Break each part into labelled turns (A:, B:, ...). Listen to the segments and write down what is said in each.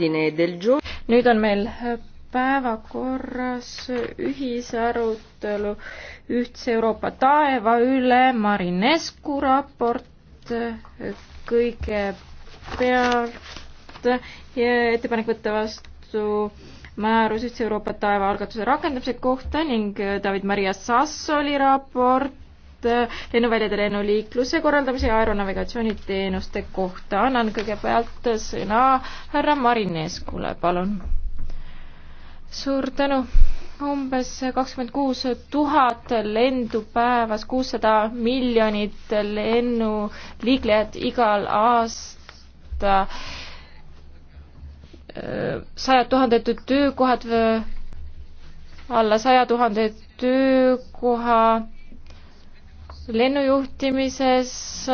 A: nüüd on meil päevakorras ühisarutelu Ühtse Euroopa taeva üle, Marinescu raport kõigepealt ja ettepanek võtta vastu määrus Ühtse Euroopa taeva algatuse rakendamise kohta ning David Maria Sassoli raport raport äh, lennuväljade lennuliikluse korraldamise ja aeronavigatsiooniteenuste kohta. annan kõigepealt sõna härra Marineskule, palun. suur tänu. umbes kakskümmend kuus tuhat lendu päevas, kuussada miljonit lennuliiklejat igal aasta äh, sajad tuhanded töökohad alla saja tuhande töökoha lennujuhtimises,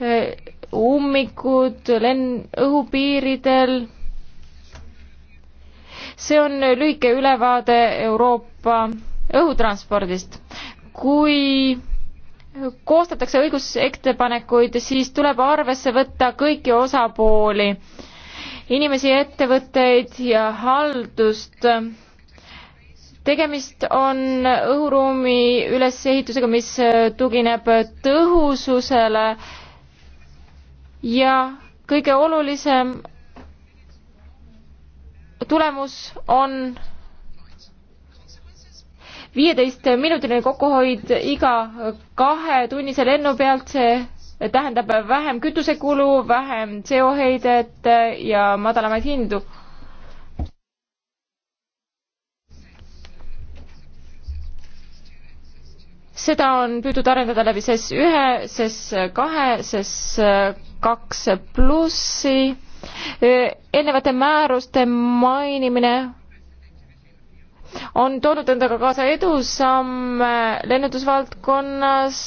A: eh, ummikud lenn-, õhupiiridel. see on lühike ülevaade Euroopa õhutranspordist. kui koostatakse õigusettepanekuid, siis tuleb arvesse võtta kõiki osapooli, inimesi, ettevõtteid ja haldust tegemist on õhuruumi ülesehitusega, mis äh, tugineb tõhususele ja kõige olulisem tulemus on viieteistminutiline kokkuhoid iga kahetunnise lennu pealt, see tähendab vähem kütusekulu, vähem CO heidet ja madalamaid hindu seda on püüdnud arendada läbi SES ühe, SES kahe, SES kaks plussi, eelnevate määruste mainimine on toonud endaga kaasa edusamme lennundusvaldkonnas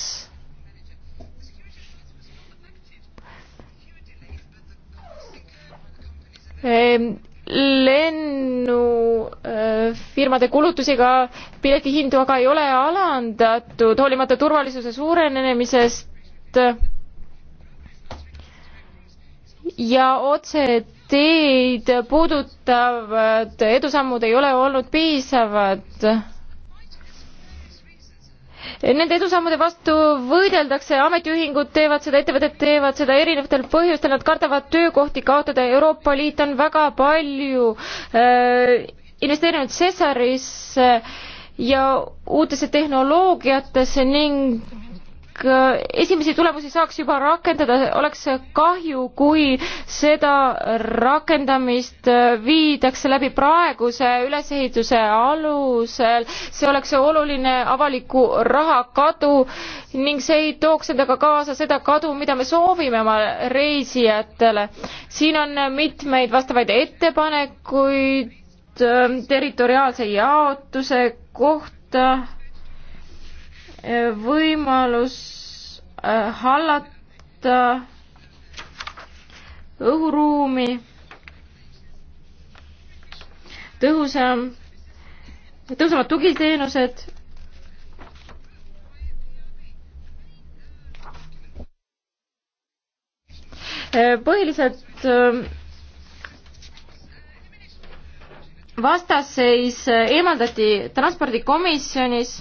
A: lennufirmade äh, kulutusiga piletihindu aga ei ole alandatud, hoolimata turvalisuse suurenemisest ja otseteid puudutavad edusammud ei ole olnud piisavad Nende edusammude vastu võideldakse, ametiühingud teevad seda, ettevõtted teevad seda erinevatel põhjustel, nad kardavad töökohti kaotada, Euroopa Liit on väga palju äh, investeerinud Cesarisse äh, ja uutesse tehnoloogiatesse ning Äh, esimesi tulemusi saaks juba rakendada, oleks kahju, kui seda rakendamist äh, viidakse läbi praeguse ülesehituse alusel. see oleks oluline avaliku raha kadu ning see ei tooks endaga kaasa seda kadu, mida me soovime oma reisijatele. siin on mitmeid vastavaid ettepanekuid äh, territoriaalse jaotuse kohta võimalus äh, hallata õhuruumi tõhusam, tõhusamad tugiteenused. Äh, põhiliselt ähm, vastasseis äh, eemaldati transpordikomisjonis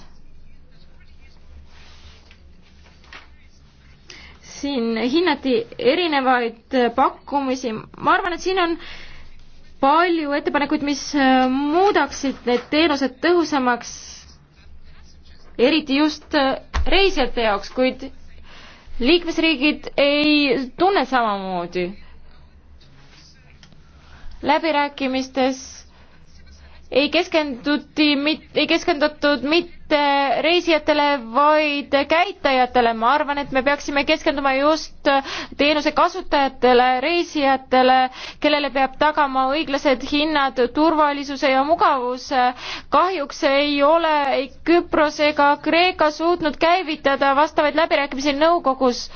A: siin hinnati erinevaid pakkumisi, ma arvan, et siin on palju ettepanekuid, mis äh, muudaksid need teenused tõhusamaks, eriti just äh, reisijate jaoks, kuid liikmesriigid ei tunne samamoodi. läbirääkimistes ei keskenduti mit-, ei keskendutud mitte reisijatele, vaid käitajatele. ma arvan, et me peaksime keskenduma just teenuse kasutajatele, reisijatele, kellele peab tagama õiglased hinnad, turvalisuse ja mugavuse. kahjuks ei ole ei Küpros ega Kreeka suutnud käivitada vastavaid läbirääkimisi nõukogus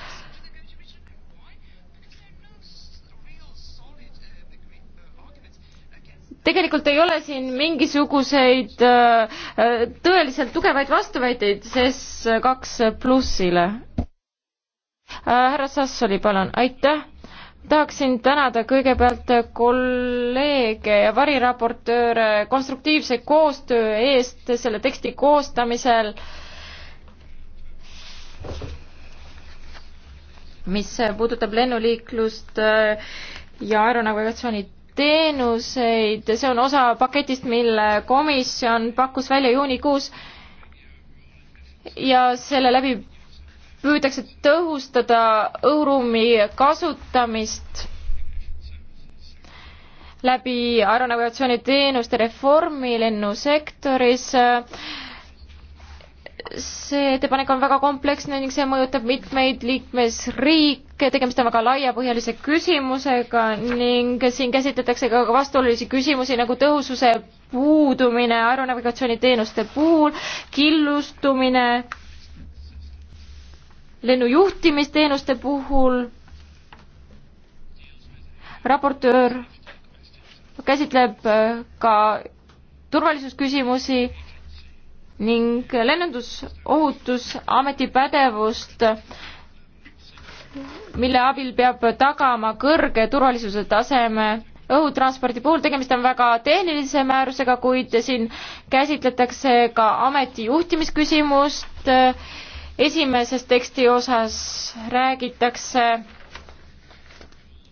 A: tegelikult ei ole siin mingisuguseid äh, äh, tõeliselt tugevaid vastuväiteid SES kaks plussile. Äh, härra Sassoli, palun, aitäh tahaksin tänada kõigepealt kolleege ja variraportööre konstruktiivse koostöö eest selle teksti koostamisel, mis puudutab lennuliiklust ja aeronavigatsiooni teenuseid, see on osa paketist, mille komisjon pakkus välja juunikuus ja selle läbi püütakse tõhustada õhuruumi kasutamist läbi aeronavigatsiooni teenuste reformi lennusektoris äh, see ettepanek on väga kompleksne ning see mõjutab mitmeid liikmesriike, tegemist on väga laiapõhjalise küsimusega ning siin käsitletakse ka vastuolulisi küsimusi nagu tõhususe puudumine aeronavigatsiooniteenuste puhul, killustumine lennujuhtimisteenuste puhul. raportöör käsitleb ka turvalisusküsimusi ning lennundusohutusameti pädevust, mille abil peab tagama kõrge turvalisuse taseme õhutranspordi puhul. tegemist on väga tehnilise määrusega, kuid siin käsitletakse ka ameti juhtimisküsimust. esimeses teksti osas räägitakse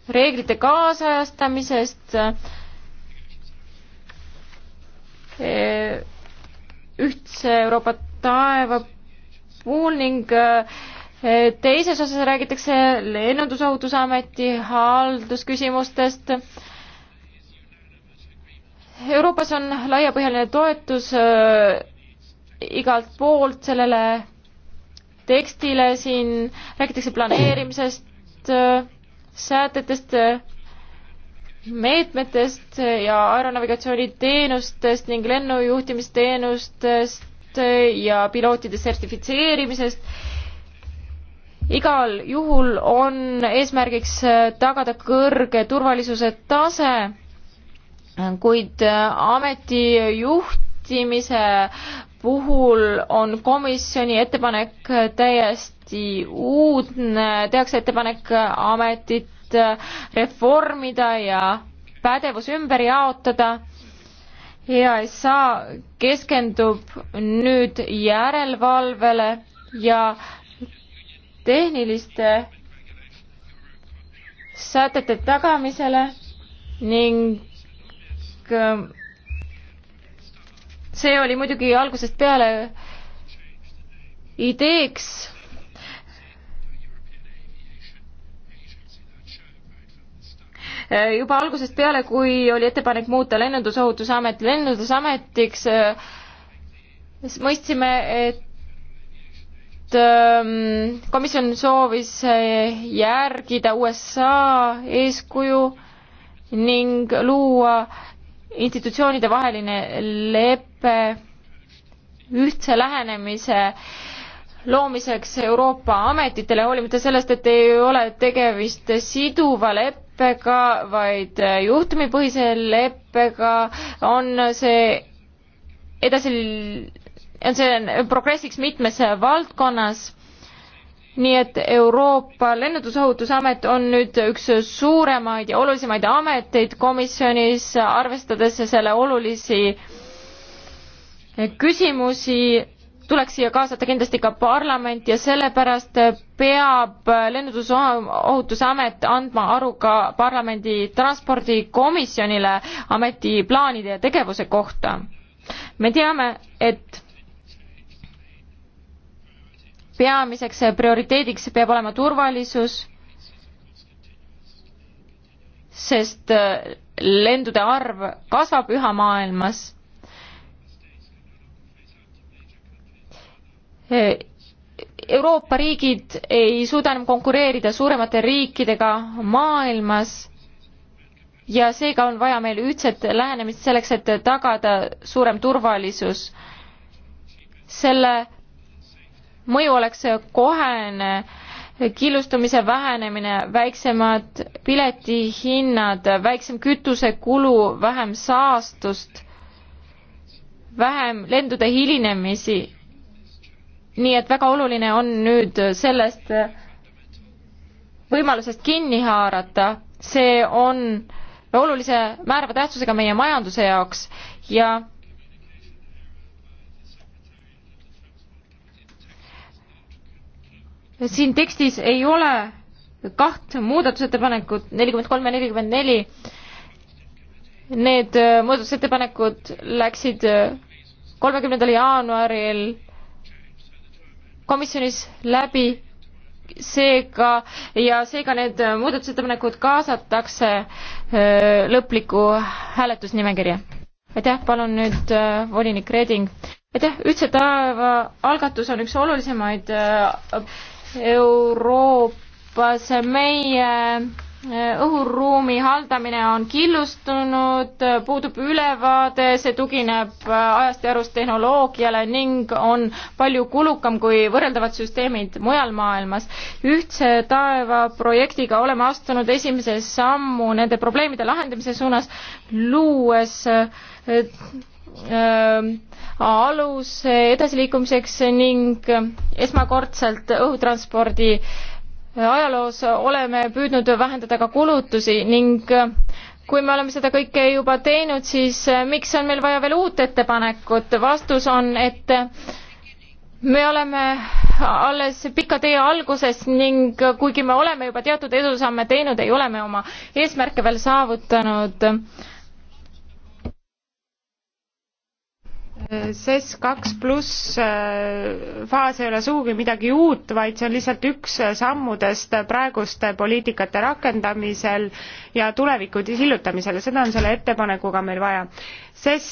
A: reeglite kaasajastamisest e ühtse Euroopa taeva puhul ning äh, teises osas räägitakse Lennundusohutusameti haldusküsimustest. Euroopas on laiapõhjaline toetus äh, igalt poolt sellele tekstile, siin räägitakse planeerimisest, äh, säätetest, meetmetest ja aeronavigatsiooniteenustest ning lennujuhtimisteenustest ja pilootide sertifitseerimisest. igal juhul on eesmärgiks tagada kõrge turvalisuse tase, kuid ametijuhtimise puhul on komisjoni ettepanek täiesti uudne, tehakse ettepanek ametit teemat äh, reformida ja pädevus ümber jaotada. EASA keskendub nüüd järelevalvele ja tehniliste sätete tagamisele ning ähm, see oli muidugi algusest peale ideeks juba algusest peale, kui oli ettepanek muuta Lennundusohutusamet Lennundusametiks, siis äh, mõistsime, et ähm, komisjon soovis äh, järgida USA eeskuju ning luua institutsioonide vaheline lepe ühtse lähenemise loomiseks Euroopa ametitele, hoolimata sellest, et ei ole tegemist siduva leppega, leppega, vaid äh, juhtumipõhise leppega on see edasi, on see progressiks mitmes valdkonnas nii et Euroopa Lennundusohutusamet on nüüd üks suuremaid ja olulisemaid ameteid komisjonis, arvestades selle olulisi küsimusi tuleks siia kaasata kindlasti ka parlament ja sellepärast peab Lennundusohutusamet andma aru ka parlamendi transpordikomisjonile ameti plaanide ja tegevuse kohta. me teame, et peamiseks prioriteediks peab olema turvalisus, sest lendude arv kasvab üha maailmas Euroopa riigid ei suuda enam konkureerida suuremate riikidega maailmas ja seega on vaja meil ühtset lähenemist selleks, et tagada suurem turvalisus. selle mõju oleks kohene killustumise vähenemine, väiksemad piletihinnad, väiksem kütusekulu, vähem saastust, vähem lendude hilinemisi nii et väga oluline on nüüd sellest võimalusest kinni haarata, see on olulise määrava tähtsusega meie majanduse jaoks ja siin tekstis ei ole kaht muudatusettepanekut, nelikümmend kolm ja nelikümmend neli. Need äh, muudatusettepanekud läksid äh, kolmekümnendal jaanuaril komisjonis läbi seega ja seega need muudatusettepanekud kaasatakse lõplikku hääletusnimekirja. aitäh, palun nüüd volinik Reding. aitäh, Ühtse taeva algatus on üks olulisemaid Euroopas meie Äh, õhuruumi haldamine on killustunud, puudub ülevaade, see tugineb äh, ajast ja arust tehnoloogiale ning on palju kulukam kui võrreldavad süsteemid mujal maailmas. ühtse taeva projektiga oleme astunud esimese sammu nende probleemide lahendamise suunas, luues äh, alus edasiliikumiseks ning esmakordselt õhutranspordi äh, ajaloos oleme püüdnud vähendada ka kulutusi ning äh, kui me oleme seda kõike juba teinud, siis äh, miks on meil vaja veel uut ettepanekut? vastus on, et äh, me oleme alles pika tee alguses ning kuigi me oleme juba teatud edusamme teinud, ei ole me oma eesmärke veel saavutanud
B: SES kaks pluss äh, faas ei ole sugugi midagi uut, vaid see on lihtsalt üks sammudest praeguste poliitikate rakendamisel ja tuleviku sillutamisele, seda on selle ettepanekuga meil vaja. SES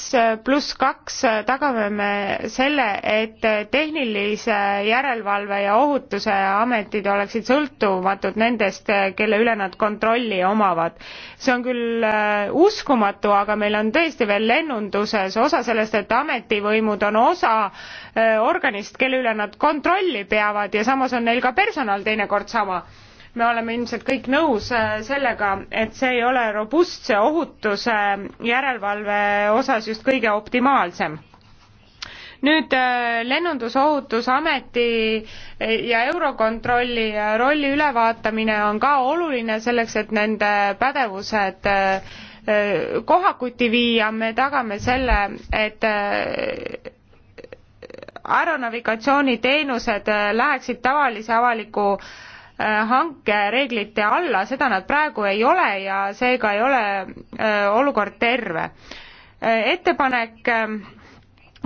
B: pluss kaks tagame me selle, et tehnilise järelevalve ja ohutuse ametid oleksid sõltumatud nendest, kelle üle nad kontrolli omavad. see on küll äh, uskumatu, aga meil on tõesti veel lennunduses osa sellest, et ametivõimud on osa äh, organist, kelle üle nad kontrolli peavad ja samas on neil ka personal teinekord sama me oleme ilmselt kõik nõus äh, sellega, et see ei ole robustse ohutuse äh, järelevalve osas just kõige optimaalsem nüüd äh, Lennundusohutusameti ja Eurokontrolli rolli ülevaatamine on ka oluline selleks, et nende pädevused kohakuti viia, me tagame selle, et aeronavigatsiooniteenused läheksid tavalise avaliku hankereeglite alla, seda nad praegu ei ole ja seega ei ole olukord terve. ettepanek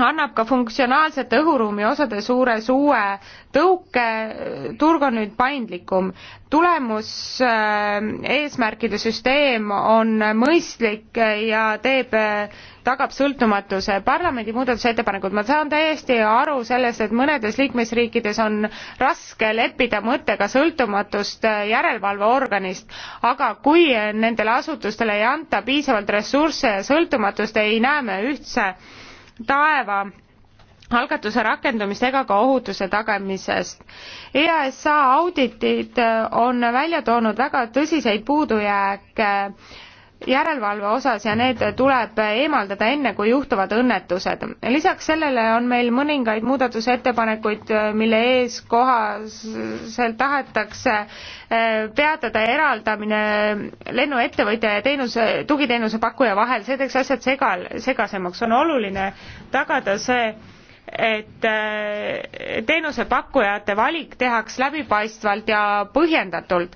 B: annab ka funktsionaalsete õhuruumi osade suures uue tõuke, turg on nüüd paindlikum. tulemuseesmärkide äh, süsteem on mõistlik ja teeb, äh, tagab sõltumatuse. parlamendi muudatusettepanekud, ma saan täiesti aru sellest, et mõnedes liikmesriikides on raske leppida mõttega sõltumatust äh, järelevalveorganist, aga kui nendele asutustele ei anta piisavalt ressursse ja sõltumatust, ei näe me ühtse taeva algatuse rakendumist ega ka ohutuse tagamisest. EASA auditid on välja toonud väga tõsiseid puudujääke äh, järelevalve osas ja need tuleb eemaldada enne, kui juhtuvad õnnetused. lisaks sellele on meil mõningaid muudatusettepanekuid, mille ees kohaselt tahetakse eh, peatada eraldamine lennuettevõtja ja teenuse, tugiteenuse pakkuja vahel, see teeks asjad segal, segasemaks, on oluline tagada see, et eh, teenusepakkujate valik tehakse läbipaistvalt ja põhjendatult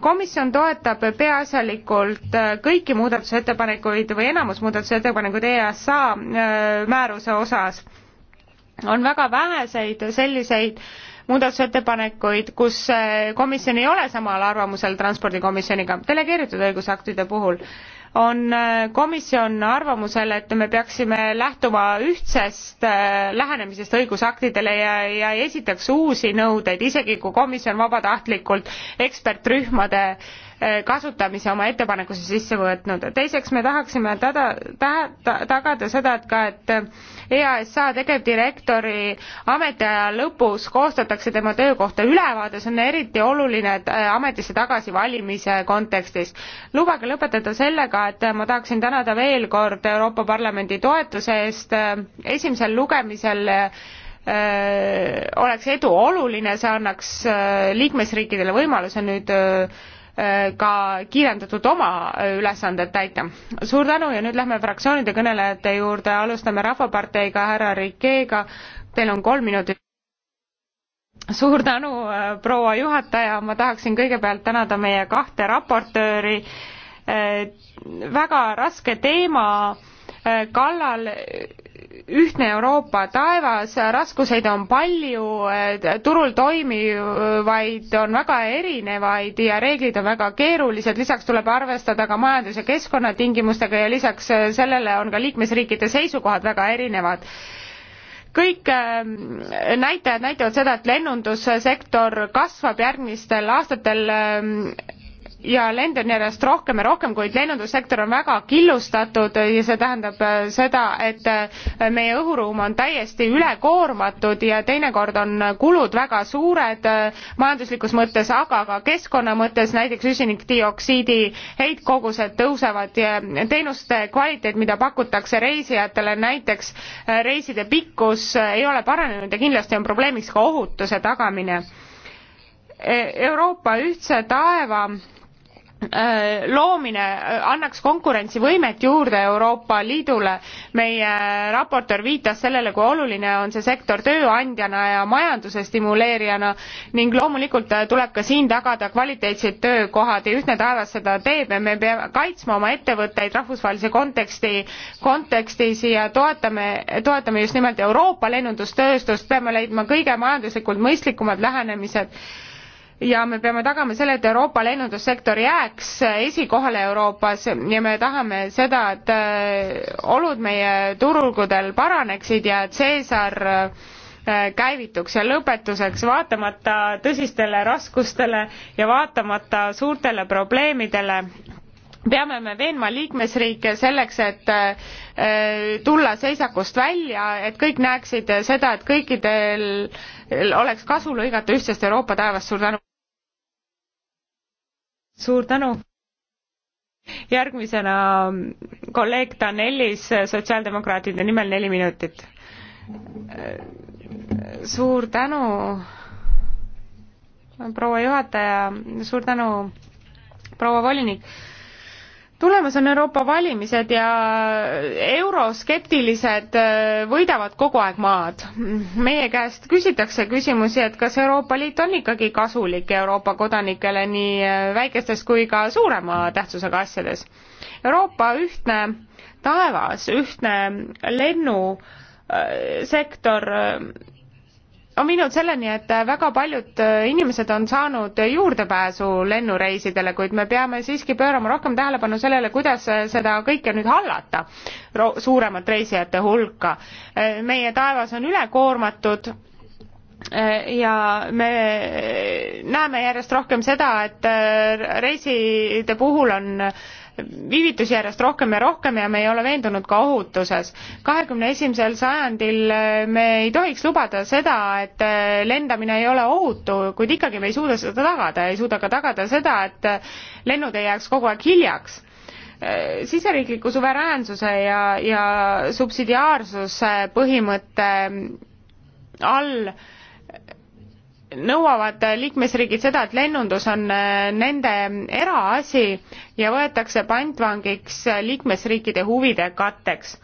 B: komisjon toetab peaasjalikult äh, kõiki muudatusettepanekuid või enamus muudatusettepanekuid EASA äh, määruse osas. on väga väheseid selliseid muudatusettepanekuid, kus äh, komisjon ei ole samal arvamusel transpordikomisjoniga delegeeritud õigusaktide puhul on äh, komisjon arvamusel et me peaksime lähtuma ühtsest äh, lähenemisest õigusaktidele ja ja ei esitaks uusi nõudeid isegi kui komisjon vabatahtlikult ekspertrühmade Eh, kasutamise oma ettepanekusse sisse võtnud. teiseks me tahaksime tada, taha, ta, tagada seda, et ka, et EASA eh, e tegevdirektori ametiaja lõpus koostatakse tema töö kohta ülevaade, see on eriti oluline eh, ametisse tagasivalimise kontekstis. lubage lõpetada sellega, et ma tahaksin tänada veel kord Euroopa Parlamendi toetuse eest esimesel lugemisel öö, oleks edu oluline, see annaks öö, liikmesriikidele võimaluse nüüd öö, Äh, ka kiirendatult oma äh, ülesanded täita. suur tänu ja nüüd lähme fraktsioonide kõnelejate juurde, alustame Rahvaparteiga, härra Rikeega, teil on kolm minutit suur tänu, äh, proua juhataja, ma tahaksin kõigepealt tänada meie kahte raportööri, väga raske teema kallal ühtne Euroopa taevas, raskuseid on palju, turul toimivaid on väga erinevaid ja reeglid on väga keerulised, lisaks tuleb arvestada ka majandus- ja keskkonnatingimustega ja lisaks sellele on ka liikmesriikide seisukohad väga erinevad kõik ähm, näitajad näitavad seda, et lennundussektor kasvab järgmistel aastatel ähm, ja lende on järjest rohkem ja rohkem, kuid lennundussektor on väga killustatud ja see tähendab äh, seda, et äh, meie õhuruum on täiesti ülekoormatud ja teinekord on kulud väga suured äh, majanduslikus mõttes, aga ka keskkonna mõttes, näiteks süsinikdioksiidi heitkogused tõusevad ja teenuste kvaliteet, mida pakutakse reisijatele, näiteks reiside pikkus ei ole paranenud ja kindlasti on probleemiks ka ohutuse tagamine Euroopa ühtse taeva Äh, loomine äh, annaks konkurentsivõimet juurde Euroopa Liidule. meie raportöör viitas sellele, kui oluline on see sektor tööandjana ja majanduse stimuleerijana ning loomulikult äh, tuleb ka siin tagada kvaliteetsed töökohad ja Ühtne Taevas seda teeb ja me peame kaitsma oma ettevõtteid rahvusvahelise konteksti, kontekstis ja toetame, toetame just nimelt Euroopa lennundustööstust, peame leidma kõige majanduslikult mõistlikumad lähenemised ja me peame tagama selle, et Euroopa lennundussektor jääks esikohale Euroopas ja me tahame seda, et äh, olud meie turgudel paraneksid ja Cäsar äh, käivituks ja lõpetuseks, vaatamata tõsistele raskustele ja vaatamata suurtele probleemidele, peame me veenma liikmesriike selleks, et äh, tulla seisakust välja, et kõik näeksid seda, et kõikidel oleks kasu lõigata ühtsest Euroopa taevast, suur tänu! suur tänu! järgmisena kolleeg Danellis sotsiaaldemokraatide nimel neli minutit. suur tänu, proua juhataja, suur tänu, proua volinik tulemas on Euroopa valimised ja euroskeptilised äh, võidavad kogu aeg maad. meie käest küsitakse küsimusi, et kas Euroopa Liit on ikkagi kasulik Euroopa kodanikele nii äh, väikestes kui ka suurema tähtsusega asjades. Euroopa ühtne taevas, ühtne lennusektor äh, on viinud selleni, et väga paljud äh, inimesed on saanud juurdepääsu lennureisidele, kuid me peame siiski pöörama rohkem tähelepanu sellele, kuidas äh, seda kõike nüüd hallata, suuremat reisijate hulka. Äh, meie taevas on ülekoormatud ja me näeme järjest rohkem seda, et reiside puhul on viivitusi järjest rohkem ja rohkem ja me ei ole veendunud ka ohutuses. kahekümne esimesel sajandil äh, me ei tohiks lubada seda, et äh, lendamine ei ole ohutu, kuid ikkagi me ei suuda seda tagada, ei suuda ka tagada seda, et äh, lennud ei jääks kogu aeg hiljaks siseriikliku suveräänsuse ja, ja subsidiaarsuse põhimõtte all äh, nõuavad liikmesriigid seda, et lennundus on äh, nende eraasi ja võetakse pantvangiks liikmesriikide huvide katteks.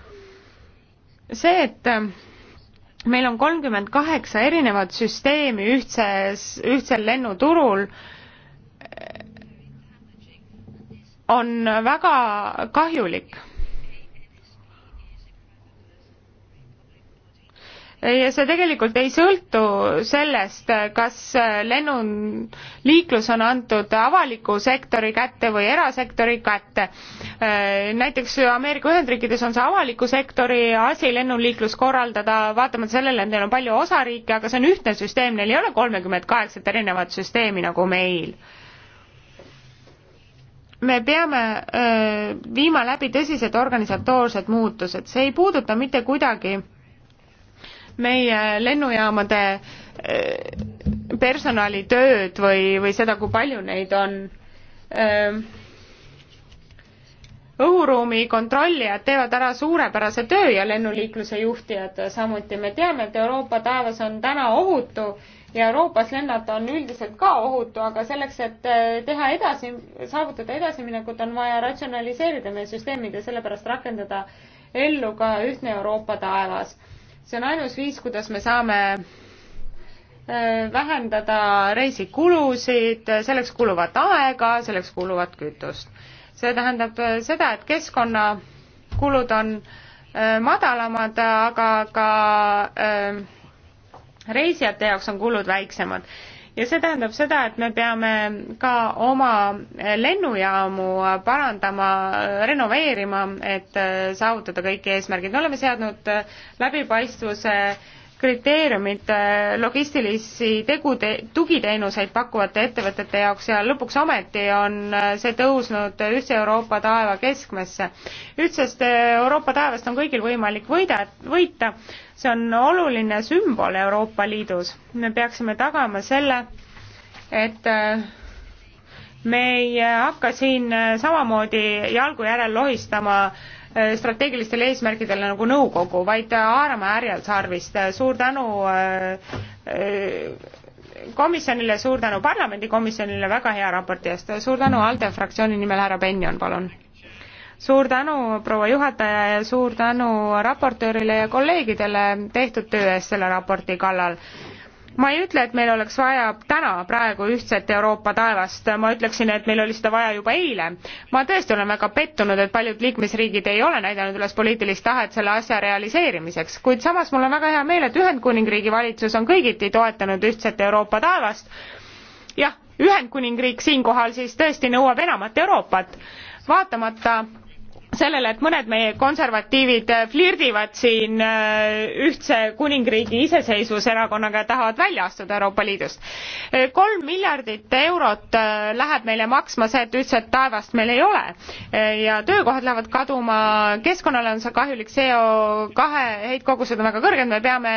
B: see, et äh, meil on kolmkümmend kaheksa erinevat süsteemi ühtses, ühtsel lennuturul, äh, on väga kahjulik ja see tegelikult ei sõltu sellest, kas lennuliiklus on antud avaliku sektori kätte või erasektori kätte. Äh, näiteks Ameerika Ühendriikides on see avaliku sektori asi lennuliiklus korraldada, vaatamata sellele, et neil on palju osariike, aga see on ühtne süsteem, neil ei ole kolmekümmet kaheksat erinevat süsteemi nagu meil me peame öö, äh, viima läbi tõsised organisatoorsed muutused, see ei puuduta mitte kuidagi öö, meie lennujaamade eh, personalitööd või, või seda, kui palju neid on. Eh, õhuruumi kontrollijad teevad ära suurepärase töö ja lennuliikluse juhtijad samuti. me teame, et Euroopa taevas on täna ohutu ja Euroopas lennata on üldiselt ka ohutu, aga selleks, et eh, teha edasi, saavutada edasiminekut, on vaja ratsionaliseerida meie süsteemid ja sellepärast rakendada ellu ka ühtne Euroopa taevas see on ainus viis, kuidas me saame äh, vähendada reisikulusid, selleks kuluvat aega, selleks kuluvat kütust. see tähendab äh, seda, et keskkonnakulud on äh, madalamad, aga ka reisijate jaoks on kulud väiksemad ja see tähendab seda, et me peame ka oma lennujaamu parandama, renoveerima, et saavutada kõik eesmärgid. me oleme seadnud läbipaistvuse kriteeriumid logistilisi tegude, tugiteenuseid pakkuvate ettevõtete jaoks ja lõpuks ometi on see tõusnud ühtse Euroopa taeva keskmesse. ühtsest Euroopa taevast on kõigil võimalik võida, võita, see on oluline sümbol Euroopa Liidus. me peaksime tagama selle, et äh, me ei hakka siin äh, samamoodi jalgu järel lohistama äh, Äh, strateegilistele eesmärkidele nagu nõukogu, vaid äh, haarame härjal sarvist. suur tänu äh, komisjonile, suur tänu parlamendikomisjonile väga hea raporti eest, suur tänu ALDE fraktsiooni nimel, härra Benjon, palun. suur tänu, proua juhataja, ja suur tänu raportöörile ja kolleegidele tehtud töö eest selle raporti kallal ma ei ütle, et meil oleks vaja täna praegu ühtset Euroopa taevast, ma ütleksin, et meil oli seda vaja juba eile. ma tõesti olen väga pettunud, et paljud liikmesriigid ei ole näidanud üles poliitilist tahet selle asja realiseerimiseks, kuid samas mul on väga hea meel, et Ühendkuningriigi valitsus on kõigiti toetanud ühtset Euroopa taevast. jah, Ühendkuningriik siinkohal siis tõesti nõuab enamat Euroopat, vaatamata sellele, et mõned meie konservatiivid flirdivad siin äh, ühtse kuningriigi iseseisvuserakonnaga ja tahavad välja astuda Euroopa Liidust. kolm miljardit eurot äh, läheb meile maksma see, et ühtset taevast meil ei ole äh, ja töökohad lähevad kaduma, keskkonnale on see kahjulik, CO kahe heitkogused on väga kõrged, me peame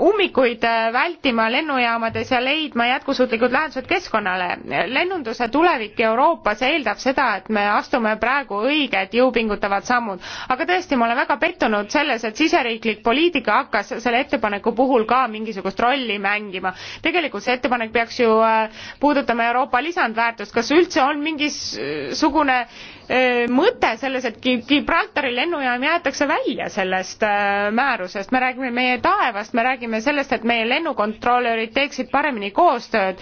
B: ummikuid vältima lennujaamades ja leidma jätkusuutlikud lahendused keskkonnale. lennunduse tulevik Euroopas eeldab seda, et me astume praegu praegu õiged jõupingutavad sammud. aga tõesti, ma olen väga pettunud selles, et siseriiklik poliitika hakkas selle ettepaneku puhul ka mingisugust rolli mängima. tegelikult see ettepanek peaks ju äh, puudutama Euroopa lisandväärtust, kas üldse on mingisugune Äh, mõte selles, et Gibraltari lennujaam jäetakse välja sellest äh, määrusest, me räägime meie taevast, me räägime sellest, et meie lennukontrolörid teeksid paremini koostööd.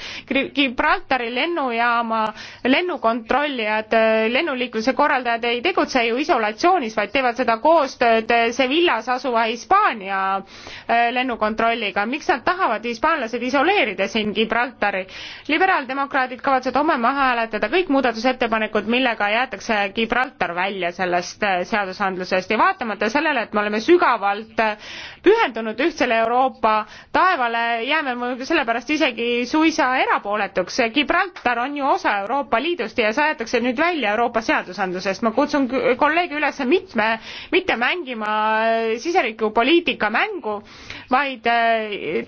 B: Gibraltari lennujaama lennukontrollijad, äh, lennuliikluse korraldajad ei tegutse ju isolatsioonis, vaid teevad seda koostööd Sevillas asuva Hispaania lennukontrolliga. miks nad tahavad hispaanlased isoleerida siin Gibraltari? liberaaldemokraadid kavatsevad homme maha hääletada kõik muudatusettepanekud, millega jäetakse jäetakse äh, Gibraltar välja sellest äh, seadusandlusest ja vaatamata sellele, et me oleme sügavalt äh, pühendunud ühtsele Euroopa taevale, jääme me sellepärast isegi suisa erapooletuks. Gibraltar on ju osa Euroopa Liidust ja see aetakse nüüd välja Euroopa seadusandlusest. ma kutsun kolleege üles mitme, mitte mängima siseriikliku poliitika mängu, vaid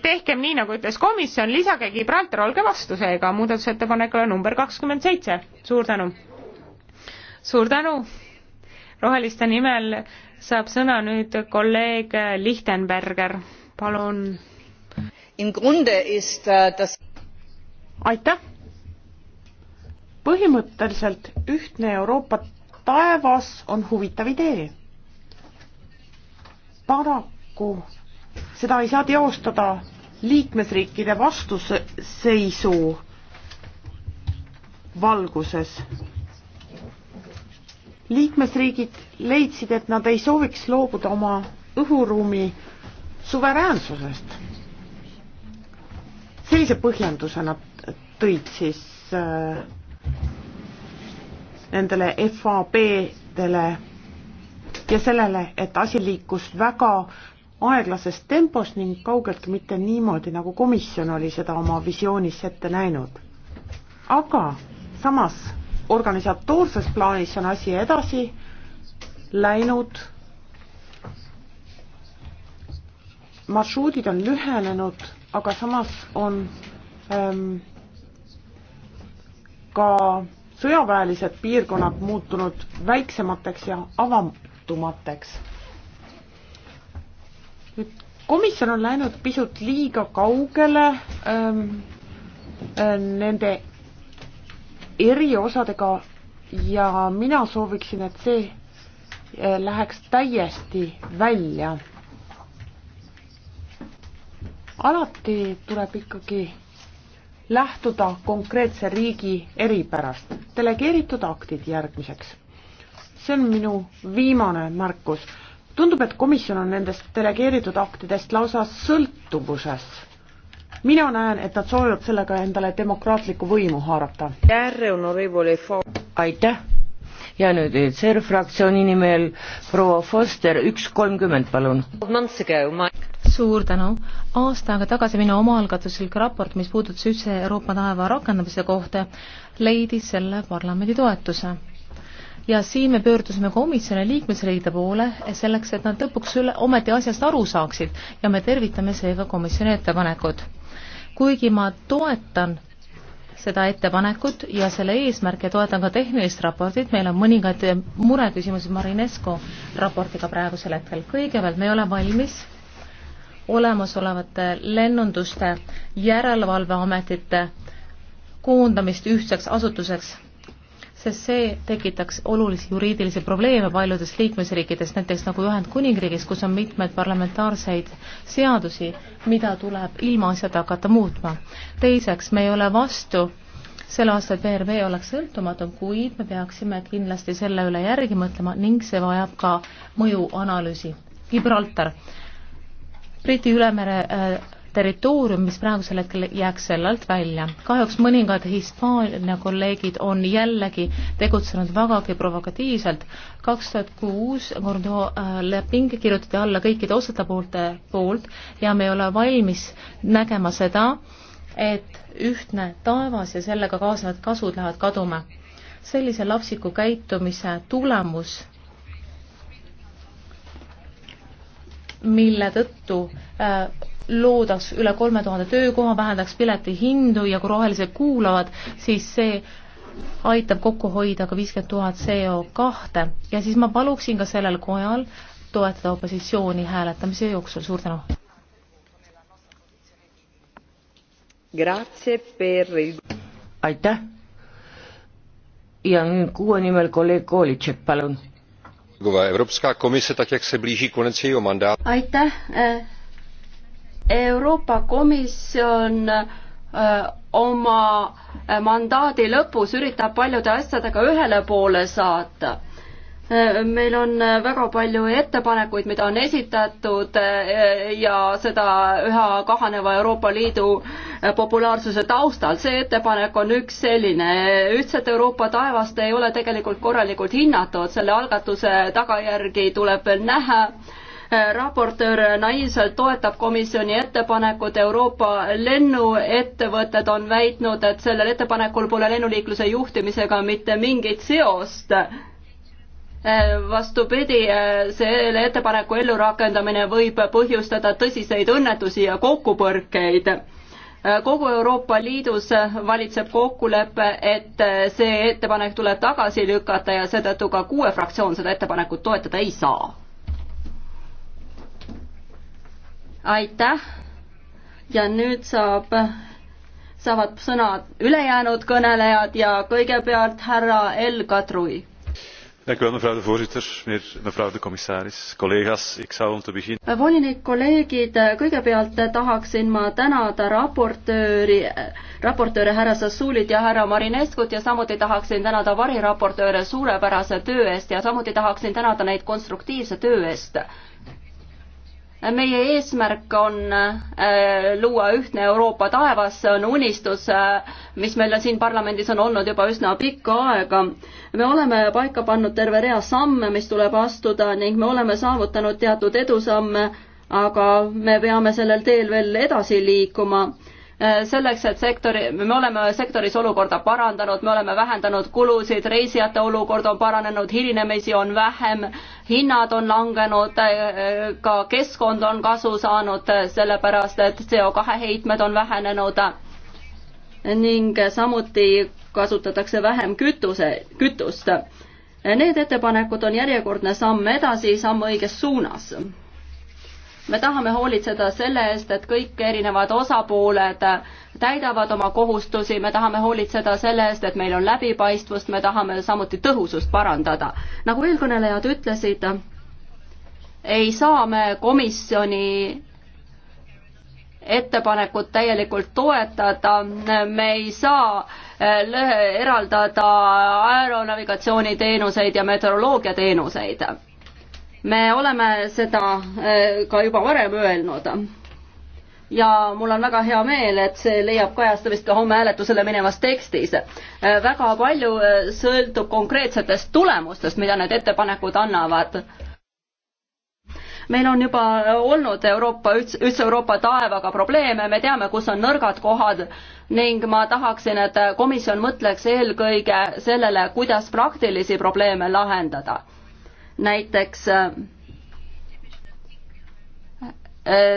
B: tehkem nii, nagu ütles komisjon, lisage Gibraltar, olge vastu seega muudatusettepanekule number kakskümmend seitse. suur tänu! suur tänu! roheliste nimel saab sõna nüüd kolleeg
C: Lichtenberger, palun. Äh, aitäh! põhimõtteliselt ühtne Euroopa taevas on huvitav idee. paraku seda ei saa teostada liikmesriikide vastuseisu valguses liikmesriigid leidsid, et nad ei sooviks loobuda oma õhuruumi suveräänsusest. sellise põhjenduse nad tõid siis äh, nendele FAB-dele ja sellele, et asi liikus väga aeglases tempos ning kaugeltki mitte niimoodi, nagu komisjon oli seda oma visioonis ette näinud. aga samas organisatoorses plaanis on asi edasi läinud, marsruudid on lühenenud, aga samas on ähm, ka sõjaväelised piirkonnad muutunud väiksemateks ja avatumateks. nüüd komisjon on läinud pisut liiga kaugele ähm, äh, nende eriosadega ja mina sooviksin, et see eh, läheks täiesti välja. alati tuleb ikkagi lähtuda konkreetse riigi eripärast. delegeeritud aktid järgmiseks. see on minu viimane märkus. tundub, et komisjon on nendest delegeeritud aktidest lausa sõltuvuses mina näen, et nad soovivad sellega endale demokraatlikku võimu haarata.
D: aitäh ja nüüd ECR fraktsiooni nimel proua Foster, üks kolmkümmend, palun.
E: suur tänu. aasta aega tagasi minu omaalgatuslik raport, mis puudutas ühtse Euroopa taeva rakendamise kohta, leidis selle parlamendi toetuse ja siin me pöördusime komisjoni liikmesriigide poole selleks, et nad lõpuks üle, ometi asjast aru saaksid ja me tervitame seega komisjoni ettepanekut kuigi ma toetan seda ettepanekut ja selle eesmärke toetan ka tehnilist raportit, meil on mõningad mureküsimused Marinesco raportiga praegusel hetkel. kõigepealt me ei ole valmis olemasolevate lennunduste järelevalveametite koondamist ühtseks asutuseks sest see tekitaks olulisi juriidilisi probleeme paljudes liikmesriikides, näiteks nagu Ühendkuningriigis, kus on mitmeid parlamentaarseid seadusi, mida tuleb ilmaasjata hakata muutma. teiseks, me ei ole vastu selle aasta PRV oleks sõltumatum, kuid me peaksime kindlasti selle üle järgi mõtlema ning see vajab ka mõjuanalüüsi. Gibraltar, Briti ülemere äh, territoorium, mis praegusel hetkel jääks sellelt välja. kahjuks mõningad Hispaania kolleegid on jällegi tegutsenud vägagi provokatiivselt. kaks tuhat kuus Gordo äh, leping kirjutati alla kõikide osapoolte poolt ja me ei ole valmis nägema seda, et ühtne taevas ja sellega kaasnevad kasud lähevad kaduma. sellise lapsiku käitumise tulemus mille tõttu äh, loodaks üle kolme tuhande töökoha, vähendaks piletihindu ja kui rohelised kuulavad, siis see aitab kokku hoida ka viiskümmend tuhat CO kahte ja siis ma paluksin ka sellel kojal toetada opositsiooni hääletamise jooksul, suur
D: tänu. aitäh. ja nüüd kuue nimel kolleeg Kolitšek, palun.
C: Evropská komise, tak jak se blíží konec jejího mandátu.
D: Aitäh,
F: Euroopa Komisjon äh, oma äh, mandaadi lõpus üritab paljude asjadega ühele poole saata. Äh, meil on väga palju ettepanekuid, mida on esitatud ja seda üha kahaneva Euroopa Liidu populaarsuse taustal. see ettepanek on üks selline. ühtset Euroopa taevast ei ole tegelikult korralikult hinnatud, selle algatuse tagajärgi tuleb veel näha raportöör naiivselt toetab komisjoni ettepanekut, Euroopa lennuettevõtted on väitnud, et sellel ettepanekul pole lennuliikluse juhtimisega mitte mingit seost. vastupidi, selle ettepaneku ellurakendamine võib põhjustada tõsiseid õnnetusi ja kokkupõrkeid kogu Euroopa Liidus valitseb kokkulepe, et see ettepanek tuleb tagasi lükata ja seetõttu ka kuue fraktsioon seda ettepanekut toetada ei saa aitäh. ja nüüd saab, saavad sõna ülejäänud kõnelejad ja kõigepealt härra El Kadri. Dank u wel, mevrouw de voorzitter, meneer, mevrouw de commissaris, collega's. Ik zou om te beginnen. Volinik kolleegid, kõigepealt tahaksin ma tänada raportööri, raportööre härra Sassuulit ja härra Marineskut ja samuti tahaksin tänada variraportööre suurepärase töö eest ja samuti tahaksin tänada neid konstruktiivse töö eest meie eesmärk on äh, luua ühtne Euroopa taevas, see on unistus, äh, mis meil siin parlamendis on olnud juba üsna pikka aega. me oleme paika pannud terve rea samme, mis tuleb astuda ning me oleme saavutanud teatud edusamme, aga me peame sellel teel veel edasi liikuma Äh, selleks, et sektori, me oleme sektoris olukorda parandanud, me oleme vähendanud kulusid, reisijate olukord on paranenud, hilinemisi on vähem, hinnad on langenud, äh, ka keskkond on kasu saanud, äh, sellepärast et CO2 heitmed on vähenenud ning samuti kasutatakse vähem kütuse, kütust. Need ettepanekud on järjekordne samm edasi, samm õiges suunas me tahame hoolitseda selle eest, et kõik erinevad osapooled täidavad oma kohustusi, me tahame hoolitseda selle eest, et meil on läbipaistvust, me tahame samuti tõhusust parandada. nagu eelkõnelejad ütlesid, ei saa me komisjoni ettepanekut täielikult toetada, me ei saa eh, eraldada aeronavigatsiooniteenuseid ja meteoroloogiateenuseid me oleme seda eh, ka juba varem öelnud. ja mul on väga hea meel, et see leiab kajastamist ka homme hääletusele minevas tekstis. Eh, väga palju eh, sõltub konkreetsetest tulemustest, mida need ettepanekud annavad meil on juba olnud Euroopa, üldse Euroopa taevaga probleeme, me teame, kus on nõrgad kohad ning ma tahaksin, et komisjon mõtleks eelkõige sellele, kuidas praktilisi probleeme lahendada näiteks äh, äh,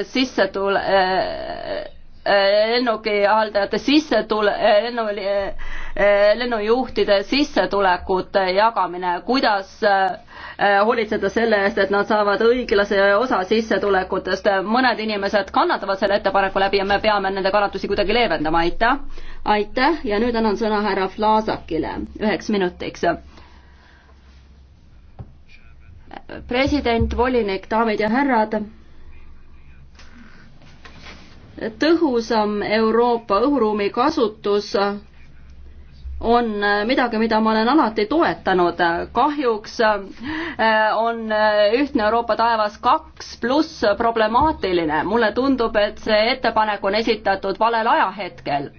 F: sissetule- eh,, äh, lennukihaldajate sissetule- eh,, lennu eh,, lennujuhtide sissetulekute jagamine, kuidas hoolitseda selle eest, et nad saavad õiglase osa sissetulekutest, mõned inimesed kannatavad selle ettepaneku läbi ja me peame nende kannatusi kuidagi leevendama, aitäh! aitäh ja nüüd annan sõna härra Vlaasakile üheks minutiks president, volinik, daamid ja härrad. tõhusam Euroopa õhuruumi kasutus on midagi, mida ma olen alati toetanud. kahjuks äh, on äh, ühtne Euroopa taevas kaks pluss problemaatiline. mulle tundub, et see ettepanek on esitatud valel ajahetkel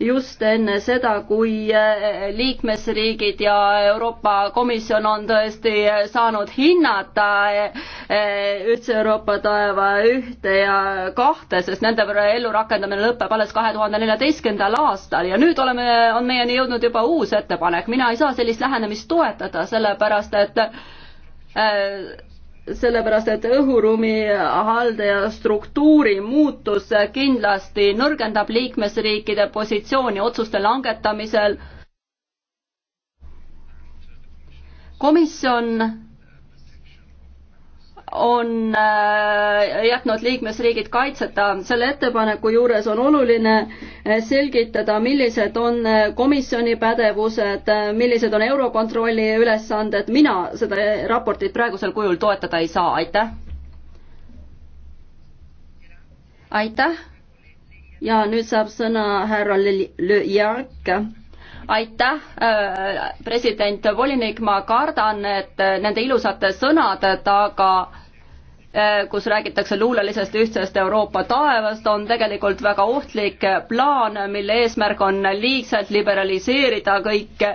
F: just enne seda, kui eh, liikmesriigid ja Euroopa Komisjon on tõesti saanud hinnata eh, ühtse Euroopa taeva ühte ja kahte, sest nende ellurakendamine lõpeb alles kahe tuhande neljateistkümnendal aastal ja nüüd oleme, on meieni jõudnud juba uus ettepanek, mina ei saa sellist lähenemist toetada, sellepärast et eh, sellepärast, et õhuruumi haldaja struktuuri muutus kindlasti nõrgendab liikmesriikide positsiooni otsuste langetamisel. komisjon on äh, jätnud liikmesriigid kaitseta. selle ettepaneku juures on oluline äh, selgitada, millised on äh, komisjoni pädevused, millised on Eurokontrolli ülesanded, mina seda raportit praegusel kujul toetada ei saa, aitäh. aitäh ja nüüd saab sõna härra Le Järk aitäh, äh, president volinik, ma kardan, et äh, nende ilusate sõnade taga äh, kus räägitakse luulelisest ühtsest Euroopa taevast, on tegelikult väga ohtlik plaan, mille eesmärk on liigselt liberaliseerida kõike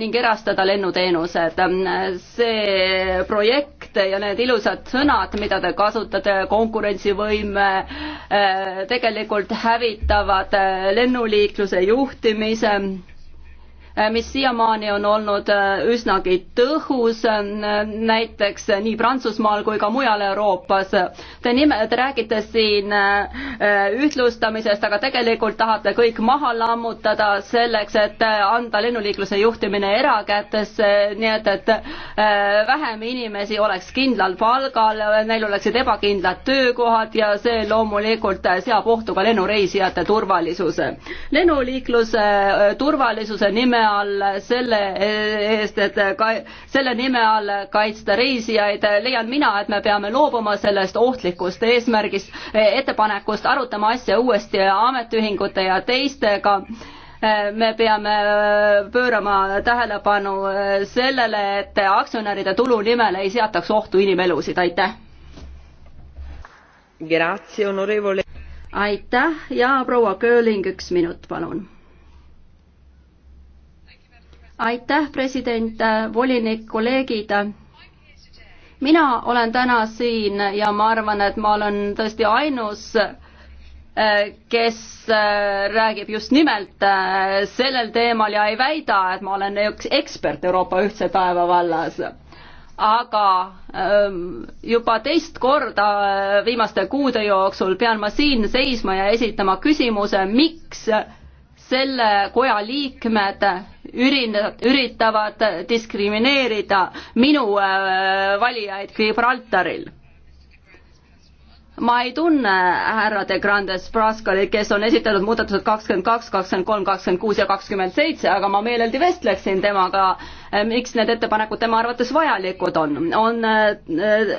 F: ning erastada lennuteenused. see projekt ja need ilusad sõnad, mida te kasutate, konkurentsivõime, tegelikult hävitavad lennuliikluse juhtimise Äh, mis siiamaani on olnud äh, üsnagi tõhus, äh, näiteks nii Prantsusmaal kui ka mujal Euroopas. Te nime, te räägite siin ühtlustamisest, aga tegelikult tahate kõik maha lammutada selleks, et anda lennuliikluse juhtimine erakätesse, nii et, et vähem inimesi oleks kindlal palgal, neil oleksid ebakindlad töökohad ja see loomulikult seab ohtu ka lennureisijate turvalisuse. lennuliikluse turvalisuse nimel all, selle eest, et ka, selle nime all kaitsta reisijaid, leian mina, et me peame loobuma sellest ohtlikust eesmärgist, ettepanekust, arutama asja uuesti ametiühingute ja teistega me peame pöörama tähelepanu sellele, et aktsionäride tulu nimel ei seataks ohtu inimelusid, aitäh. aitäh ja proua Kööling, üks minut, palun aitäh, president, äh, volinik, kolleegid. mina olen täna siin ja ma arvan, et ma olen tõesti ainus, äh, kes äh, räägib just nimelt sellel teemal ja ei väida, et ma olen üks ekspert Euroopa ühtse taeva vallas aga ähm, juba teist korda viimaste kuude jooksul pean ma siin seisma ja esitama küsimuse, miks selle koja liikmed ürinevad, üritavad diskrimineerida minu äh, valijaid Gibraltaril ma ei tunne härra De Grandes Brascali, kes on esitanud muudatused kakskümmend kaks, kakskümmend kolm, kakskümmend kuus ja kakskümmend seitse, aga ma meeleldi vestleksin temaga, eh, miks need ettepanekud tema arvates vajalikud on. on eh, eh,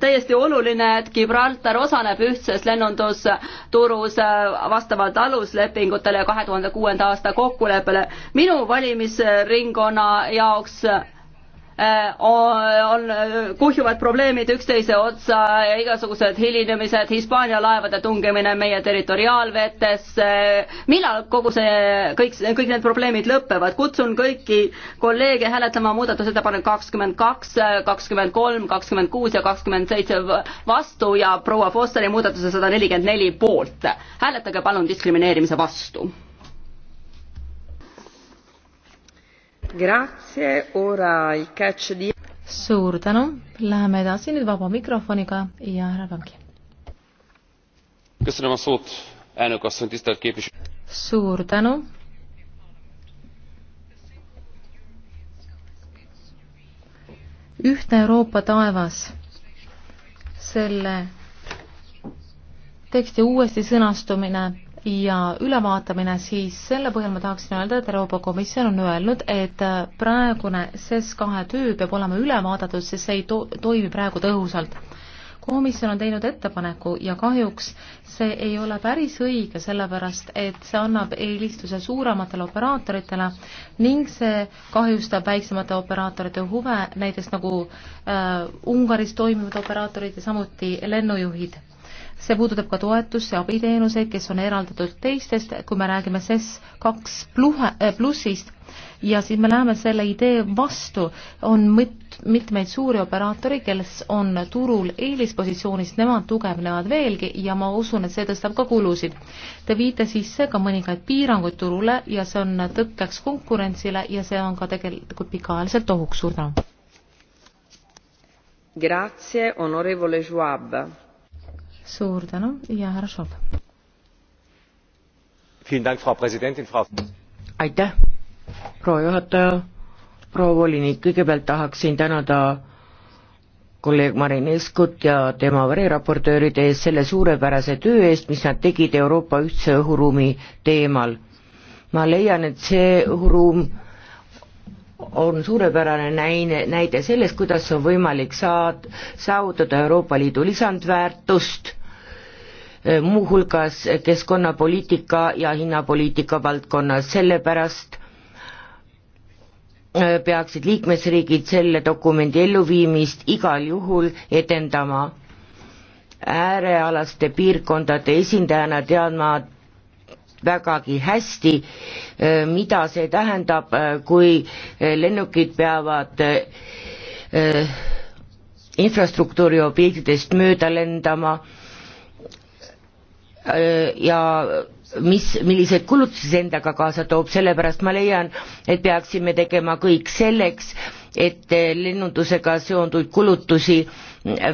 F: täiesti oluline, et Gibraltar osaleb ühtses lennundusturus vastavalt aluslepingutele ja kahe tuhande kuuenda aasta kokkuleppele. minu valimisringkonna jaoks Äh, on, kuhjuvad probleemid üksteise otsa, igasugused hilinemised, Hispaania laevade tungimine meie territoriaalvetesse, millal kogu see, kõik, kõik need probleemid lõpevad, kutsun kõiki kolleege hääletama muudatusettepanek kakskümmend kaks, kakskümmend kolm, kakskümmend kuus ja kakskümmend seitse vastu ja proua Fosteri muudatuse sada nelikümmend neli poolt. hääletage palun diskrimineerimise vastu
E: suur tänu, läheme edasi nüüd vaba mikrofoniga ja härra Panki. suur tänu. ühtne Euroopa taevas, selle teksti uuesti sõnastumine ja ülevaatamine, siis selle põhjal ma tahaksin öelda, et Euroopa Komisjon on öelnud, et praegune SES kahe töö peab olema üle vaadatud, sest see ei to toimi praegu tõhusalt. komisjon on teinud ettepaneku ja kahjuks see ei ole päris õige, sellepärast et see annab eelistuse suurematele operaatoritele ning see kahjustab väiksemate operaatorite huve, näiteks nagu äh, Ungaris toimivad operaatorid ja samuti lennujuhid see puudutab ka toetus- ja abiteenuseid, kes on eraldatud teistest, kui me räägime SES kaks eh, plussist ja siis me läheme selle idee vastu, on mit-, mitmeid suuri operaatoreid, kes on turul eelispositsioonis, nemad tugevnevad veelgi ja ma usun, et see tõstab ka kulusid. Te viite sisse ka mõningaid piiranguid turule ja see on tõkkeks konkurentsile ja see on ka tegelikult pikaajaliselt ohuks, suur tänu.
D: Grazie, onorevole Schwab suur tänu ja härra Šob. aitäh, proua juhataja, proua volinik, kõigepealt tahaksin tänada kolleeg Marin Eskut ja tema vereraportööride eest selle suurepärase töö eest, mis nad tegid Euroopa ühtse õhuruumi teemal. ma leian, et see õhuruum on suurepärane näine, näide sellest, kuidas on võimalik saad-, saavutada Euroopa Liidu lisandväärtust Eh, muuhulgas keskkonnapoliitika ja hinnapoliitika valdkonnas, sellepärast eh, peaksid liikmesriigid selle dokumendi elluviimist igal juhul edendama. äärealaste piirkondade esindajana tean ma vägagi hästi, eh, mida see tähendab, kui lennukid peavad infrastruktuuri objektidest mööda lendama Äh, ja mis, milliseid kulutusi see endaga kaasa toob, sellepärast ma leian, et peaksime tegema kõik selleks, et äh, lennundusega seonduvaid kulutusi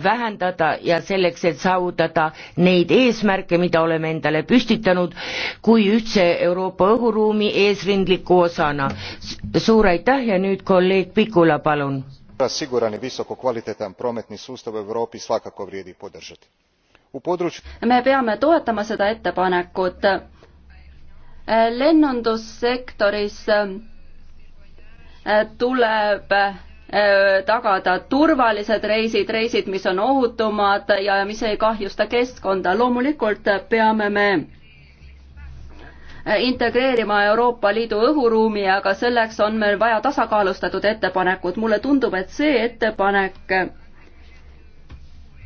D: vähendada ja selleks, et saavutada neid eesmärke, mida oleme endale püstitanud kui ühtse Euroopa õhuruumi eesrindliku osana. suur aitäh ja nüüd kolleeg Pikula, palun.
C: siguran i visokokvalitetan prometni sustav u Europi svakako vrijedi podrati
F: me peame toetama seda ettepanekut. lennundussektoris eh, tuleb eh, tagada turvalised reisid, reisid, mis on ohutumad ja mis ei kahjusta keskkonda. loomulikult peame me eh, integreerima Euroopa Liidu õhuruumi, aga selleks on meil vaja tasakaalustatud ettepanekut. mulle tundub, et see ettepanek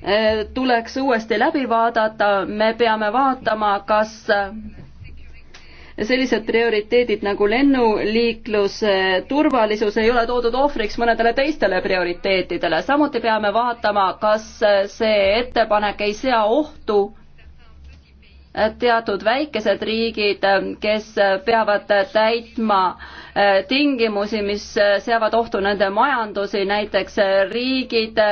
F: Äh, tuleks uuesti läbi vaadata, me peame vaatama, kas äh, sellised prioriteedid nagu lennuliiklus, turvalisus ei ole toodud ohvriks mõnedele teistele prioriteetidele. samuti peame vaatama, kas äh, see ettepanek ei sea ohtu teatud väikesed riigid, kes peavad täitma tingimusi, mis seavad ohtu nende majandusi, näiteks riigid,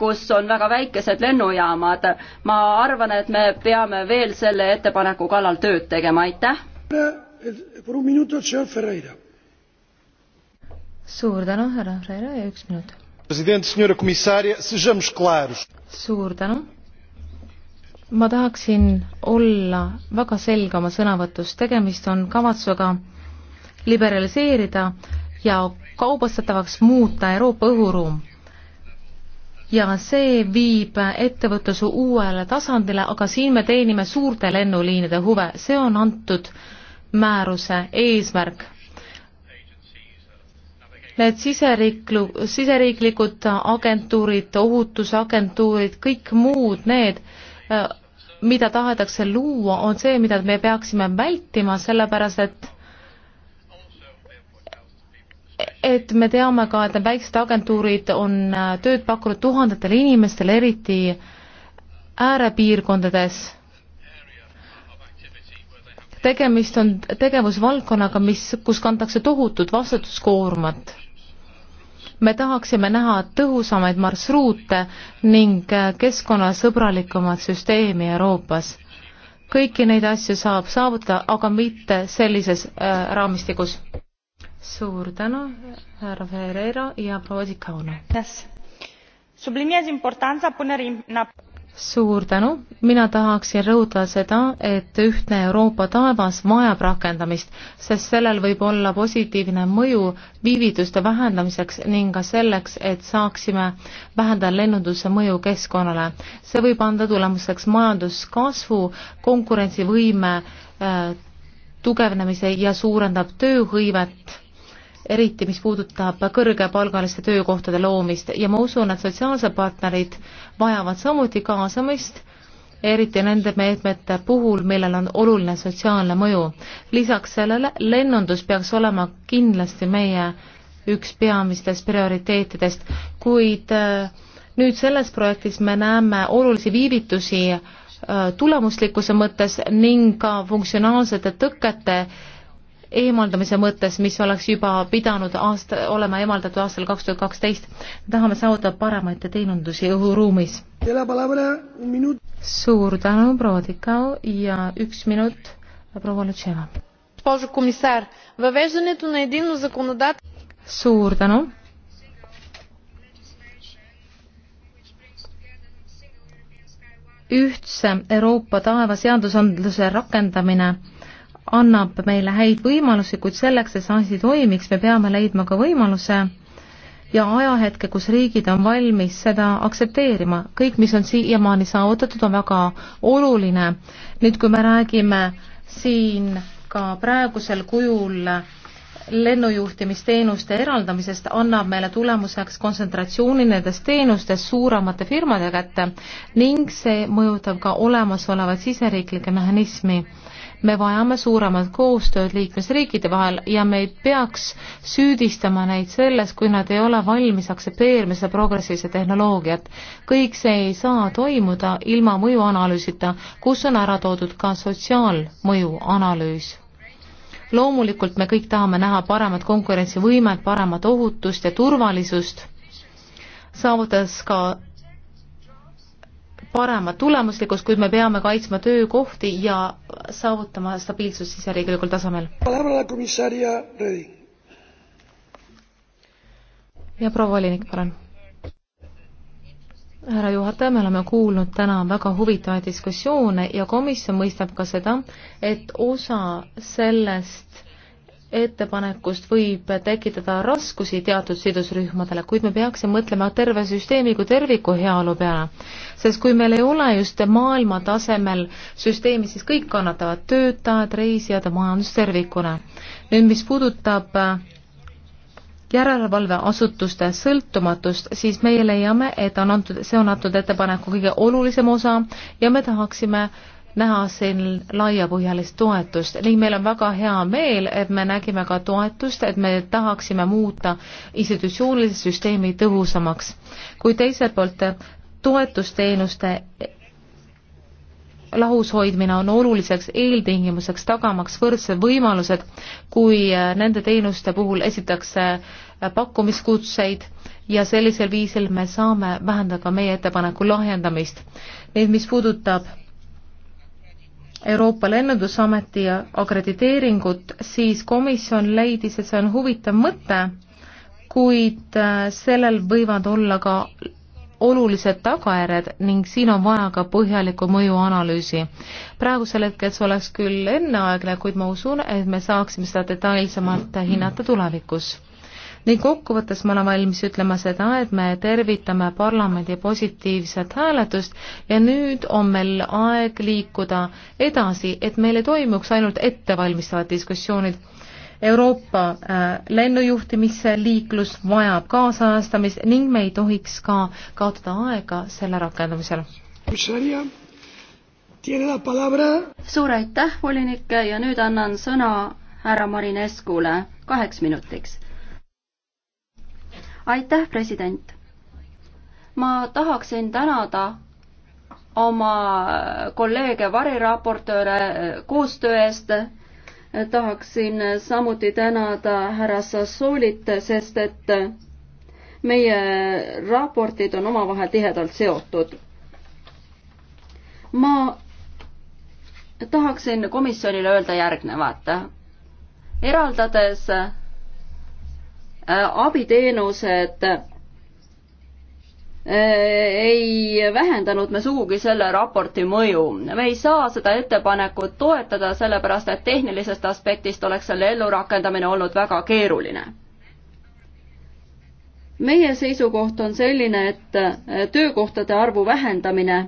F: kus on väga väikesed lennujaamad. ma arvan, et me peame veel selle ettepaneku kallal tööd tegema, aitäh.
E: suur tänu, härra Ferreira ja üks minut. president, senora komissaria, sejamos claros. suur tänu ma tahaksin olla väga selge oma sõnavõtus, tegemist on kavatsusega liberaliseerida ja kaubastatavaks muuta Euroopa õhuruum ja see viib ettevõtluse uuele tasandile, aga siin me teenime suurte lennuliinide huve, see on antud määruse eesmärk. Need siseriiklu, siseriiklikud agentuurid, ohutusagentuurid, kõik muud need, eh, mida tahetakse luua, on see, mida me peaksime vältima, sellepärast et et me teame ka, et need väiksed agentuurid on äh, tööd pakkunud tuhandetele inimestele, eriti äärepiirkondades. tegemist on tegevusvaldkonnaga, mis, kus kantakse tohutut vastutuskoormat. me tahaksime näha tõhusamaid marsruute ning äh, keskkonnasõbralikumat süsteemi Euroopas. kõiki neid asju saab saavutada, aga mitte sellises äh, raamistikus suur tänu, härra Ferreira ja proua Tikauna yes.. suur tänu, mina tahaksin rõhutada seda, et ühtne Euroopa taevas vajab rakendamist, sest sellel võib olla positiivne mõju viivituste vähendamiseks ning ka selleks, et saaksime vähendada lennunduse mõju keskkonnale. see võib anda tulemuseks majanduskasvu, konkurentsivõime äh, tugevnemise ja suurendab tööhõivet eriti mis puudutab kõrgepalgaliste töökohtade loomist ja ma usun, et sotsiaalsed partnerid vajavad samuti kaasamist, eriti nende meetmete puhul, millel on oluline sotsiaalne mõju. lisaks sellele lennundus peaks olema kindlasti meie üks peamistest prioriteetidest, kuid äh, nüüd selles projektis me näeme olulisi viivitusi äh, tulemuslikkuse mõttes ning ka funktsionaalsete tõkete äh, eemaldamise mõttes, mis oleks juba pidanud aasta, olema eemaldatud aastal kaks tuhat kaksteist. tahame saavutada paremaid teenindusi õhuruumis. suur tänu, proua Tikau ja üks minut proua Lutševa. suur tänu. ühtse Euroopa taevaseadusandluse rakendamine annab meile häid võimalusi, kuid selleks, et see asi toimiks, me peame leidma ka võimaluse ja ajahetke, kus riigid on valmis seda aktsepteerima. kõik, mis on siiamaani saavutatud, on väga oluline. nüüd, kui me räägime siin ka praegusel kujul lennujuhtimisteenuste eraldamisest annab meile tulemuseks kontsentratsiooni nendest teenustest suuremate firmade kätte ning see mõjutab ka olemasolevat siseriiklikke mehhanismi me vajame suuremat koostööd liikmesriikide vahel ja me ei peaks süüdistama neid selles, kui nad ei ole valmis aktsepteerima seda progressiivset tehnoloogiat. kõik see ei saa toimuda ilma mõjuanalüüsita, kus on ära toodud ka sotsiaalmõju analüüs loomulikult me kõik tahame näha paremat konkurentsivõimet, paremat ohutust ja turvalisust, saavutades ka paremat tulemuslikkust, kuid me peame kaitsma töökohti ja saavutama stabiilsust siseriiklikul tasemel. ja proua volinik, palun. härra juhataja, me oleme kuulnud täna väga huvitavaid diskussioone ja komisjon mõistab ka seda, et osa sellest ettepanekust võib tekitada raskusi teatud sidusrühmadele, kuid me peaksime mõtlema terve süsteemi kui terviku heaolu peale. sest kui meil ei ole just maailma tasemel süsteemi, siis kõik kannatavad, töötajad, reisijad ja majandus tervikuna. nüüd, mis puudutab äh, järelevalveasutuste sõltumatust, siis meie leiame, et on antud, see on antud ettepaneku kõige olulisem osa ja me tahaksime äh, näha siin laiapõhjalist toetust ning meil on väga hea meel, et me nägime ka toetust, et me tahaksime muuta institutsioonilise süsteemi tõhusamaks. kui teiselt poolt toetusteenuste lahushoidmine on oluliseks eeltingimuseks tagamaks võrdsed võimalused, kui nende teenuste puhul esitakse pakkumiskutseid ja sellisel viisil me saame vähendada meie ettepaneku lahjendamist. nüüd, mis puudutab Euroopa Lennundusameti akrediteeringut, siis komisjon leidis, et see on huvitav mõte, kuid äh, sellel võivad olla ka olulised tagajärjed ning siin on vaja ka põhjalikku mõjuanalüüsi. praegusel hetkel see oleks küll enneaegne, kuid ma usun, et me saaksime seda detailsemalt hinnata tulevikus ning kokkuvõttes ma olen valmis ütlema seda, et me tervitame parlamendi positiivset hääletust ja nüüd on meil aeg liikuda edasi, et meil ei toimuks ainult ettevalmistavad diskussioonid. Euroopa äh, lennujuhtimisse liiklus vajab kaasajastamist ning me ei tohiks ka kaotada aega selle rakendamisel.
F: suur aitäh, volinik, ja nüüd annan sõna härra Marineskule kaheks minutiks aitäh, president! ma tahaksin tänada oma kolleege, variraportööre eh, koostöö eest tahaksin samuti tänada härra Sassoolit, sest et meie raportid on omavahel tihedalt seotud. ma tahaksin komisjonile öelda järgnevat. eraldades Äh, abiteenused äh, ei vähendanud me sugugi selle raporti mõju. me ei saa seda ettepanekut toetada, sellepärast et tehnilisest aspektist oleks selle ellurakendamine olnud väga keeruline. meie seisukoht on selline, et äh, töökohtade arvu vähendamine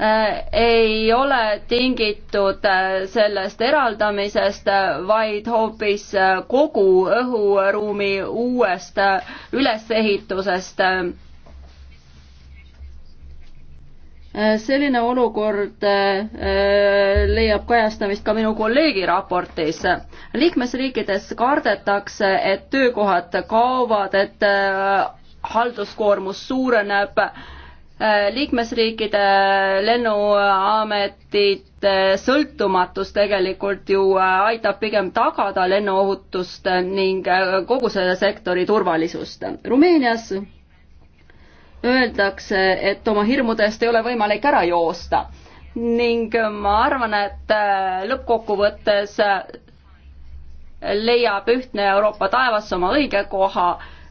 F: Äh, ei ole tingitud äh, sellest eraldamisest, äh, vaid hoopis kogu õhuruumi uuest ülesehitusest. selline olukord leiab kajastamist ka minu kolleegi raportis. liikmesriikides kardetakse, et töökohad kaovad, et halduskoormus suureneb Äh, liikmesriikide lennuametite sõltumatus tegelikult ju äh, aitab pigem tagada lennuohutust äh, ning kogu selle sektori turvalisust. Rumeenias öeldakse, et oma hirmudest ei ole võimalik ära joosta ning ma arvan, et lõppkokkuvõttes leiab ühtne Euroopa taevas oma õige koha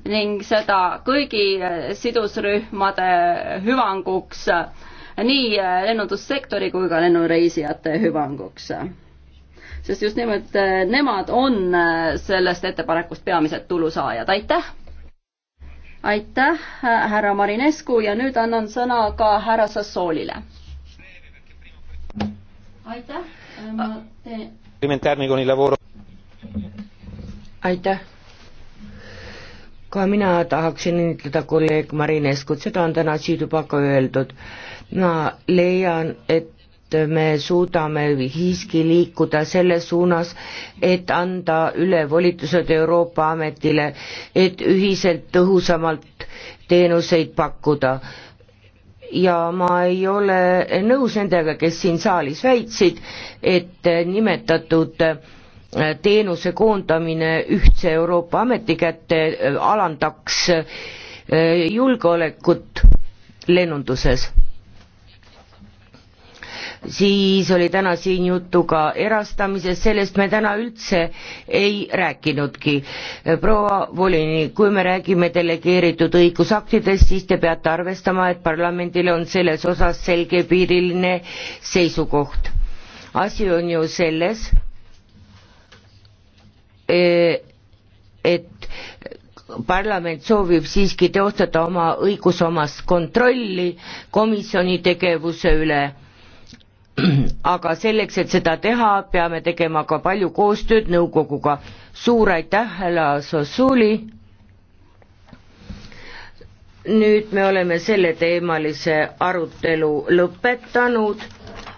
F: ning seda kõigi äh, sidusrühmade hüvanguks, nii äh, lennundussektori kui ka lennureisijate hüvanguks. sest just nimelt äh, nemad on sellest ettepanekust peamised tulusaajad, aitäh! aitäh, härra Marinescu ja nüüd annan sõna ka härra Sassoolile. aitäh, ma teen aitäh!
D: ka mina tahaksin õnnitleda kolleeg Marineskut, seda on täna siin juba ka öeldud. ma leian, et me suudame siiski liikuda selles suunas, et anda üle volitused Euroopa Ametile, et ühiselt tõhusamalt teenuseid pakkuda. ja ma ei ole nõus nendega, kes siin saalis väitsid, et nimetatud äh, teenuse koondamine ühtse Euroopa ameti kätte äh, alandaks äh, julgeolekut lennunduses. siis oli täna siin juttu ka erastamisest, sellest me täna üldse ei rääkinudki. Äh, proua volinik, kui me räägime delegeeritud õigusaktidest, siis te peate arvestama, et parlamendil on selles osas selgepiiriline seisukoht. asi on ju selles, Eh, et parlament soovib siiski teostada oma õigusomast kontrolli komisjoni tegevuse üle, aga selleks, et seda teha, peame tegema ka palju koostööd nõukoguga. suur aitäh, härra Sossuli! nüüd me oleme selleteemalise arutelu lõpetanud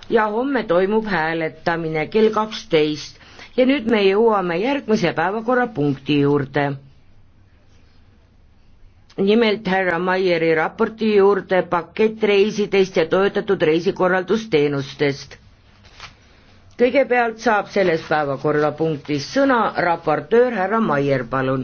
D: ja homme toimub hääletamine kell kaksteist ja nüüd me jõuame järgmise päevakorrapunkti juurde. nimelt härra Maieri raporti juurde pakett reisidest ja toetatud reisikorraldusteenustest. kõigepealt saab selles päevakorrapunktis sõna raportöör härra Maier, palun.